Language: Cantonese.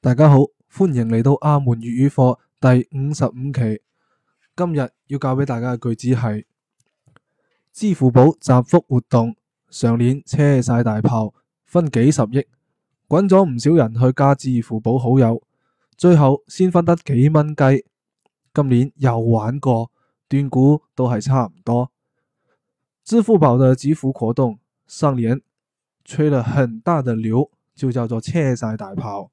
大家好，歡迎嚟到阿門粵語課第五十五期。今日要教俾大家嘅句子係：支付寶集福活動，上年車晒大炮，分幾十億，滾咗唔少人去加支付寶好友，最後先分得幾蚊雞。今年又玩過，斷估都係差唔多。支付寶嘅支付活動上年吹了很大的料，就叫做車晒大炮。